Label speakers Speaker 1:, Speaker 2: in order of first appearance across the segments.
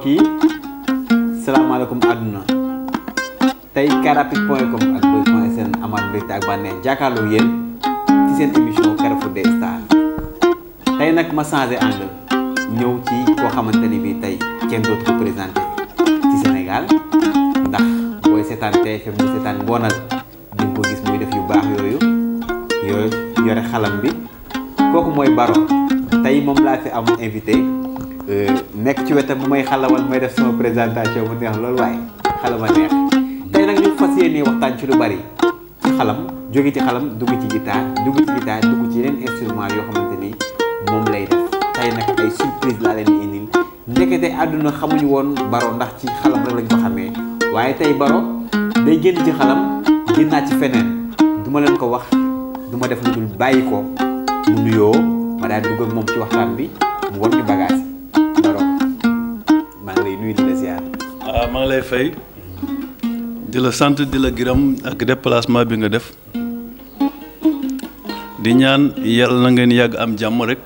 Speaker 1: mbokk yi salaamaaleykum àdduna tey carrapide point com ak buzz point seen amaat mbégte ak bànneex jàkkaarloo ci seen émission Carrefour des Stars tey nag ma changé angle ñëw ci koo xamante ni bii tey kenn dootu ko présenté ci Sénégal ndax booy seetaan TFM di seetaan mboonal di ko gis muy def yu baax yooyu yooyu yore xalam bi kooku mooy Baro tey moom laa fi am invité. Eh, nek ci wetam bu may xalawal may def sama présentation bu neex lool waay xalama neex tay nak ñu fas waxtaan ci lu bari xalam jóge ci xalam dugg ci guitare dugg ci guitare dugg ci yeneen instrument yoo xamante lay def tay nak ay surprise laa leen indil ndekete àdduna xamuñu woon baro ndax ci xalam rek lañ ko xamee waaye tey baro day génn ci xalam ci duma leen ko wax duma def lu dul bàyyi mu nuyoo ma daal dugg ak moom ci waxtaan bi mu won bagage nuyu di la ah
Speaker 2: lay fay di la di la gërëm ak déplacement bi nga def di ñaan yàlla na ngeen am jamorek. rek.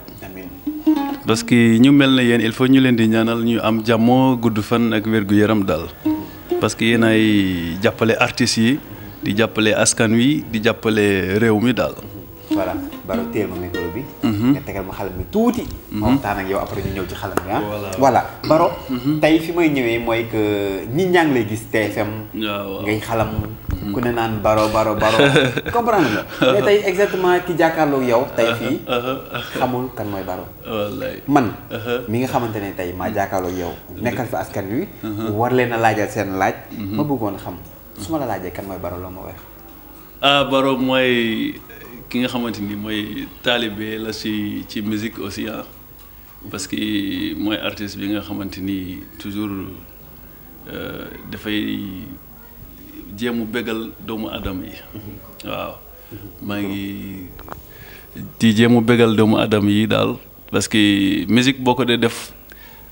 Speaker 2: parce que ñu mel ne yéen il faut ñu leen di ñaanal ñu am jamo gudufan fan ak dal. gu yaram daal parce que yéen ay yi di jàppale askan wi di jàppale
Speaker 1: réew mi daal. voilà Baro nga tegal ma xalam mi tuuti ma waxtaan ak yow après ñu ñëw ci xalam voilà baro mm-hmm. tey fi may ñëwee mooy que nit ñaa ya, ngi lay gis TFM ngay xalam mm-hmm. ku ne naan baro baro baro comprendre nga mais tey exactement ki jàkkaarloo yow tey fii xamul uh-huh, uh-huh, uh-huh. kan mooy baro man mi nga xamante ne tey maa jàkkaarloo yow mm-hmm. nekkal fa askan wi war leen a laajal seen laaj ma bëggoon xam su ma la laajee kan mooy baro loo ma wax
Speaker 2: ah baro mooy ki nga xamante ni mooy taalibe la ci ci musique aussi ah parce que mooy artiste bi nga xamante ni toujours euh, dafay jéem a bégal doomu aadama yi mhm. waaw mhm. maa ngi di jéem a bégal doomu aadama yi daal parce que musique boo ko dee def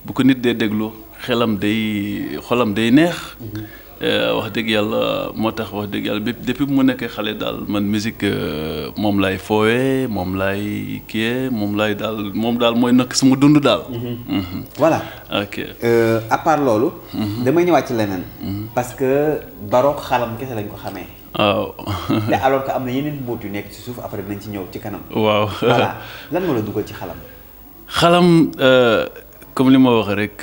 Speaker 2: bu ko nit dee déglu xelam day xolam day neex mhm. Euh, wax dëgg yàlla moo tax wax dëgg yàlla depuis bu mu nekkee xale daal man musique euh, moom laay fooyee moom laay kiiyee moom lay daal moom daal mooy nakk suma dund daal. Mhm. Mhm.
Speaker 1: voilà. ok euh, à loolu. Mhm. damay ñëwaat ci leneen. parce que baroog xalam kese lañ ko xamee.
Speaker 2: waaw.
Speaker 1: te am na yeneen yu nekk ci suuf après nañ ci ñëw ci kanam. waaw lan moo la dugal ci xalam.
Speaker 2: xalam comme li ma wax rek.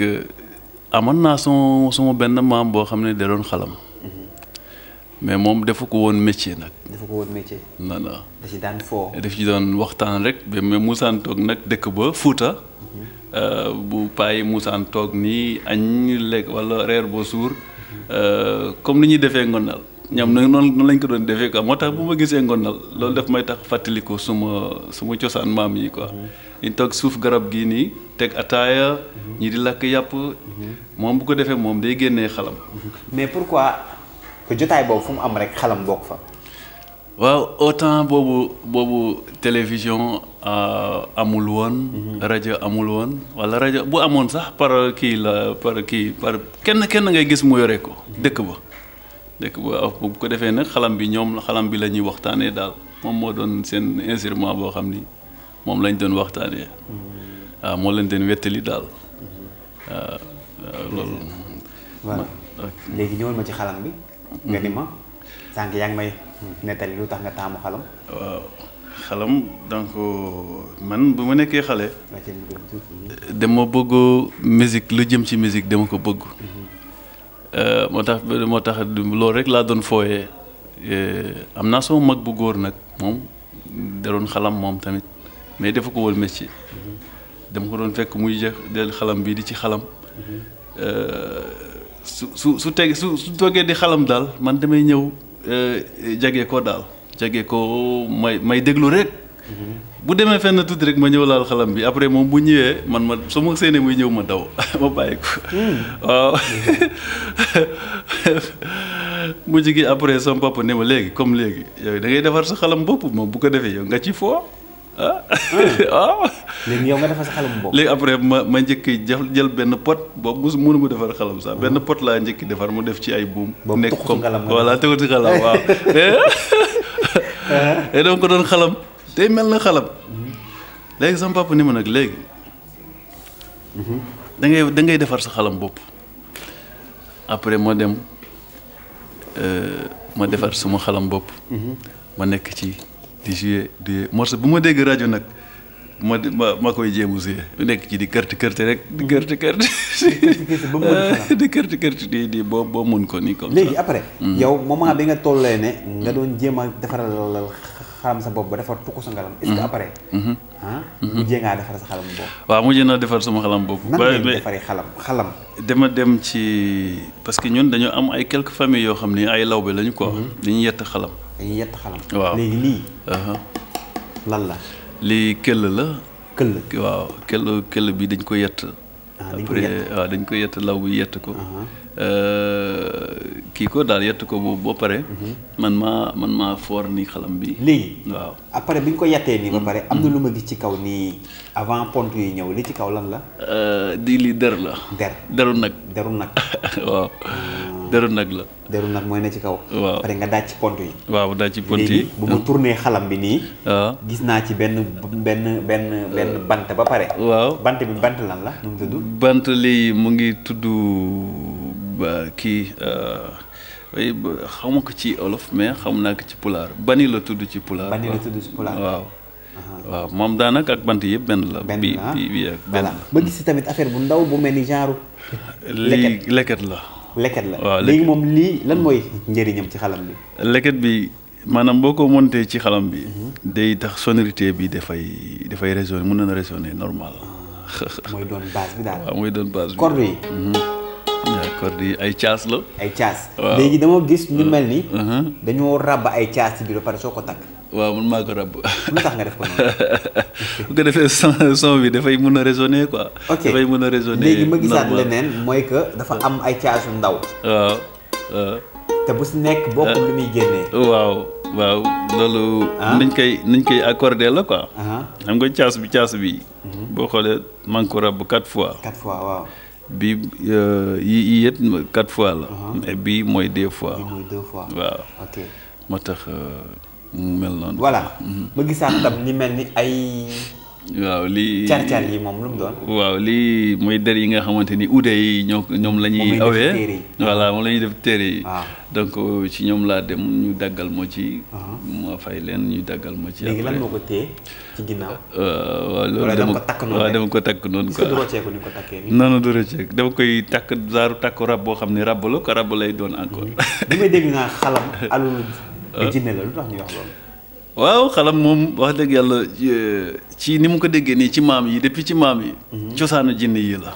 Speaker 2: amoon naa sama sama benn maam boo xam ne da doon xalam. Mm-hmm. mais moom defu ko woon métier nag.
Speaker 1: defu ko woon métier.
Speaker 2: non non. da ci foo. daf ci doon waxtaan rek ba mais musaan toog nag dëkk ba Fuuta. Mm-hmm. Euh, bu payi musaan toog nii añ lekk wala reer ba suur. Mm-hmm. Euh, comme ni ñuy defee ngonal ñoom nañ noonu noonu lañ ko doon defee quoi moo tax bu ma gisee ngonal loolu daf may tax ko suma suma cosaan maam yi ko quoi. Mhm. ñu toog suuf garab gii nii teg ataaya. Mhm. ñi di lakk yàpp. Mhm. moom bu ko defee moom day génnee xalam.
Speaker 1: mais pour pourquoi que jotaay boobu fu mu am rek xalam bokk fa.
Speaker 2: waaw autant boobu boobu télévision euh, amul woon. rajo amul woon wala rajo bu amoon sax par kii la par kii par kenn kenn ngay gis mu yore ko dëkk ba. dëkk bu bu ko defee nag xalam bi ñoom xalam bi la ñuy waxtaanee daal moom moo doon seen instrument boo xam ni moom lañ doon waxtaanee waaw moo leen doon wettali daal waaw mm-hmm. ah, ah, loolu.
Speaker 1: léegi ñëwal ma ci xalam bi. Mm-hmm. nga ni ma sànq yaa ngi may nettali lu tax nga taamu xalam. waaw xalam donc man bu ma nekkee xale.
Speaker 2: dama bëgg musique lu jëm ci musique dama ko bëgg. Mm-hmm. Euh, moo tax moo tax loolu rek laa doon fooyee euh, am naa sama mag bu góor nag moom da doon xalam moom tamit mais defu ko woon métier dama ko doon fekk muy jëf del xalam bii di ci xalam euh, su su su teg su su toogee di xalam daal man damay ñëw jage ko daal jage ko may may déglu rek bu demee fenn tuuti rek ma ñëw xalam bi après moom bu ñëwee man ma su ma seenee muy ñëw ma daw ma bàyyi ko. Hmm. waaw mujj gi après sama papa ne ma comme yow da ngay defar sa xalam bopp moom bu ko defee yow nga ci ah hmm.
Speaker 1: waaw. léegi yow nga defar sa xalam bopp. léegi
Speaker 2: après ma ma njëkk jël benn pot boobu mos mënu ma defar xalam sa hmm. benn pot laa njëkk defar mu def ci ay buum. nek comme voilà tëggu si xalam waaw. Eh? Eh? Eh, dañ ko doon xalam. day mel na xalab léegi sama papa ni mu nag léegi mhm. da ngay da defar sa xalam bopp après ma dem euh, ma defar suma xalam bopp mhm. ma nekk ci di jouer di morceau bu ma dégg rajo nag ma ma ma koy jéemu si nekk ci di kërti kërti rek di kërti kërti
Speaker 1: di
Speaker 2: kërti kërti di di bo bo mun ko ni comme
Speaker 1: léegi après hmm. yow moment bi nga tollee ne hmm. nga doon jéem a defaral xalam sa bopp ba defar tukku sa ngalam est ce que hmm. après ah mujjee ngaa defar sa xalam bopp
Speaker 2: waaw mujjee naa defar sama xalam bopp nan ngay defaree xalam xalam dama dem ci parce que ñun dañu am ay quelques familles yoo xam ni ay lawbe lañu quoi dañuy yett xalam
Speaker 1: dañuy yett xalam waaw léegi lii lan la
Speaker 2: lii këll la. këll waaw këll këll bi dañ ko yett. Ah, après waaw dañ ko yett law bi yett ko. Uh-huh. Euh, kii ko daal yett ko boobu boo pare. Uh-huh. man maa man maa foor ni xalam bi.
Speaker 1: léegi waaw après bi ñu ko yettee nii ba mm. pare am na mm. lu ma gis ci kaw nii avant pont yi ñëw li ci kaw lan la. Euh, di li der la. der deru nag deru nag waaw. Ah. deru nag la deru nag mooy ne ci kaw waaw pare nga daaj ci pont yi waaw daaj ci pont yi bu mu tourné xalam bi nii waaw ah. gis naa ci benn benn benn benn bant ba pare waaw bante bi bant lan la nu mu tudd
Speaker 2: bant lii mu ngi tudd kii ah, xamu ko ci olof mais xam naa ko ci pulaar bani la tudd ci pulaar bani la tudd ci pulaar waaw waaw moom daanaka ak bant yëpp benn la bi bi ak benn
Speaker 1: ba gis tamit affaire bu ndaw bu mel genre leket
Speaker 2: leket la leket la waaw léegi moom
Speaker 1: lii lan mooy mm-hmm. njëriñam ci xalam bi
Speaker 2: leket bi maanaam boo ko montee ci xalam bi mm-hmm. day tax sonorité bi dafay dafay résonner mun na résonner normal ah, mooy doon base bi daal waaw mooy doon base bi corde yi mm-hmm. ah, corde yi ay caas la ay caas léegi
Speaker 1: dama gis ñu mel ni dañoo ràbb ay caas ci biir ba pare soo ko takk waaw mun maa ko rab. lu nga def ko noonu.
Speaker 2: bu ko defee son son bi dafay mun a résonner ko ok dafay mun a résonner léegi ma gisaat leneen
Speaker 1: mooy que dafa am ay caasu ndaw.
Speaker 2: waaw waaw.
Speaker 1: te bu si nekk bokkul lu muy génnee.
Speaker 2: waaw waaw loolu. Ah. niñ koy niñ koy accordé la quoi. Ah. xam nga caas bi caas bi. Mhm. boo xoolee maa ngi ko rab fois.
Speaker 1: quatre fois waaw.
Speaker 2: bi euh, yi yëpp quatre fois la. Uh-huh. mais bii mooy deux fois. bii fois waaw. ok moo tax. Euh, mu hmm, mel noonu
Speaker 1: voilà hmm. ma gisaat tam li mel ni ay waaw lii Wali, car yi moom lu mu doon
Speaker 2: waaw lii mooy der yi nga xamante ni ude yi ñoo ñoom la ñuy awee voilà moom la ñuy def téere yi ah. donc euh, ci ñoom laa dem ñu daggal ma ci ah. ma fay leen ñu daggal ma ci léegi lan moo ko
Speaker 1: téye ci ginnaaw euh, waaw loolu dama ko takk noonu waaw dama ko takk noonu quoi du rocceeku ni ko takkee nii non
Speaker 2: non du rocceeku dama koy takk zaaru takk rab boo xam rab la ko rab lay doon encore mhm.
Speaker 1: bi dégg naa xalam alul mais jinne la lu tax ñuy wax loolu
Speaker 2: waaw xalam moom wax dëgg yàlla ci ni mu ko déggee nii ci maam yi depuis ci maam yi cosaanu jinne yi la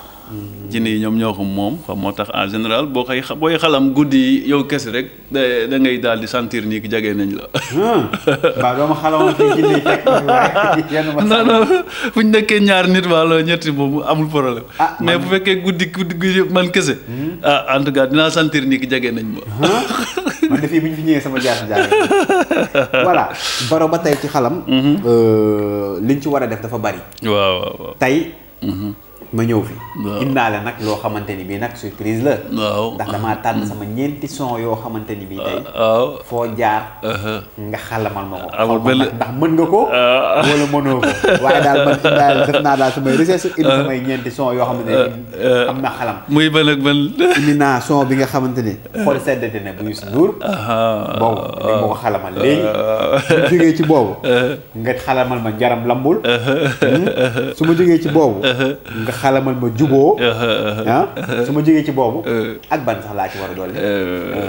Speaker 2: jinne yi ñoom ñoo ko moom xam moo tax en général boo koy booy xalam guddi yow rek da da ngay daal di sentir jage nañ la xalam fi non non nekkee ñaar nit ñetti boobu amul problème mais bu fekkee guddi guddi man kese ah en tout cas dinaa sentir jage nañ
Speaker 1: ma man de fii fi ñëwee sama jaar jaar voilà baroba tey ci xalam. Mhm. Euh, liñ ci war a def dafa bari. waaw waaw waaw tey. Mhm ma ñëw fi indaale nag loo xamante ni bii nag surprise la waaw uh-huh. ndax damaa tànn sama ñeenti son yoo xamante ni bii tey uh, waaw uh. foo jaar nga xalamal ma ko amul benn ndax mën nga ko wala mënoo ko waaye daal man indaale def naa daal samay recherche indi samay ñeenti son yoo xamante ne am na xalam muy ban ak ban indi naa son bi nga xamante ni xool seddate bu Youssou Ndour boobu dañ ma xalamal léegi uh-huh. mm? uh-huh. su ci boobu nga xalamal ma njaram lambul su ma ci boobu nga xalamal ma juboo uh-huh, uh-huh. Ah, su ma jógee ci boobu uh-huh. ak ban sax laa ci war a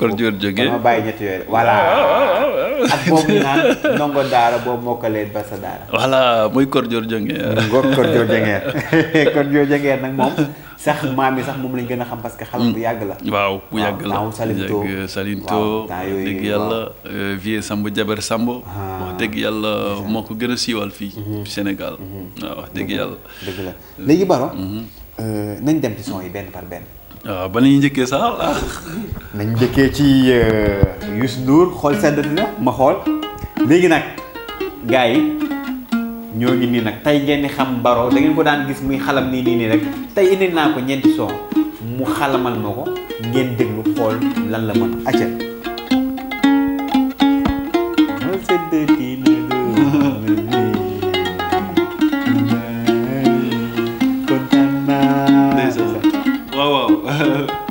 Speaker 1: kor jor joge ma baye ñet yoy wala ak bobu ñu naan ndongo daara bo mokale ba sa daara
Speaker 2: wala muy kor jor joge ngor kor jor joge
Speaker 1: kor jor joge nak mom sax maam yi sax mom lañ gëna xam parce que xalam bu yag mm. la waaw bu euh, yag euh, ah, mhm. mhm. ah, mhm. la salinto
Speaker 2: salinto deug yalla vie sambu jabar sambo wax deug yalla moko gëna siwal fi sénégal wax deug yalla deug
Speaker 1: la légui baro euh nañ dem ci son yi ben par ben
Speaker 2: waaw ba nañu njëkkee sax ah.
Speaker 1: nañ njëkkee e ci e, Youssou Ndour xool sedd na ma xool léegi nag gars yi ñoo ngi nii nag tey ngeen di xam Baro da ngeen ko daan gis muy xalam nii nii nii rek tey indi naa ko ñeenti mu xalamal ma ko ngeen déglu xool lan la mën acca sedd
Speaker 2: Wow, wow.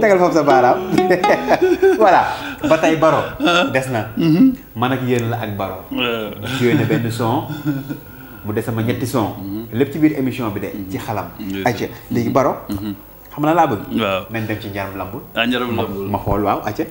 Speaker 1: tegal foofu sa baaraam voilà ba tey baro ah. des na mhm. man ak yéen la ak baro joué ah. na benn son mu des sama ñetti son mhm. lépp ci biir émission bi de ci mhm. xalam acca léegi baro xam na laa bëgg waaw nañ dem ci njaram lamb ah ma xool waaw acca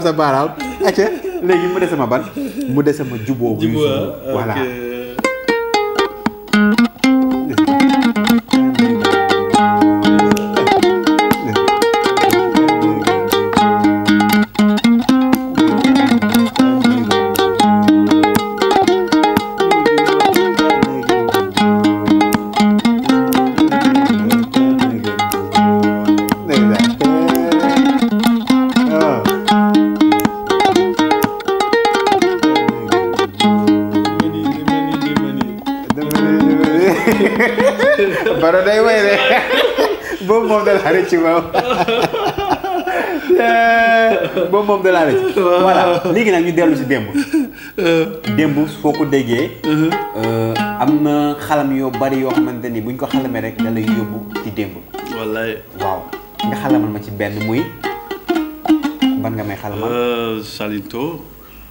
Speaker 1: sa baaraam acca léegi mu des sama ban mu des sama juboo bu ñu ah, voilà Bom bom de la Chihuahua. bom bom de la voilà léegi nag ñu dellu si démb. démb foo ko déggee. am na xalam yoo bari yo xamante ni buñ ko xalamee rek da lay yóbbu ci démb. wallaay waaw nga xalamal ma ci benn muy. ban nga may xalamal. Uh, Salinto.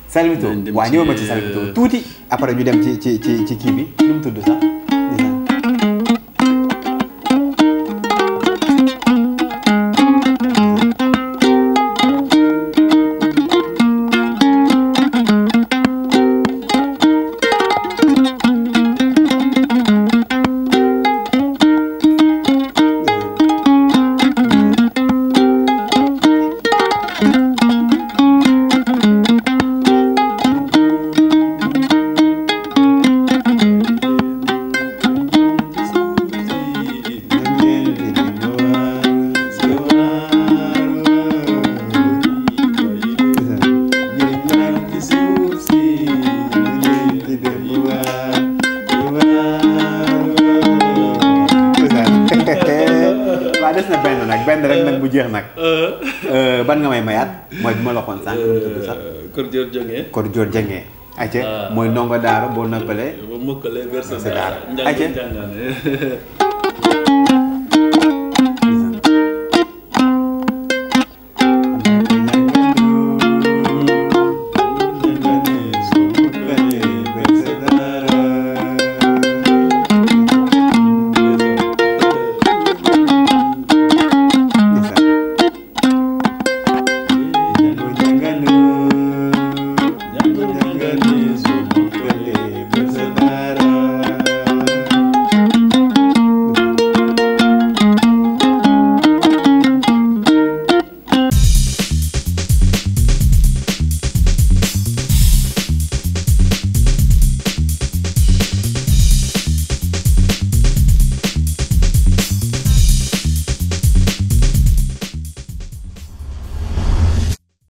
Speaker 1: Salinto waaw ñëw ma ci Salinto uh, tuuti. après ñu dem ci ci ci ci kii bi nu mu sax. mooy bi ma la waxoon sànq. mu tudd sax euh, Kër Dior Diengé. Kër Dior Diengé. ayca ah. mooy ndongo daara boo nappalee. boo mokkalee verset daara ayca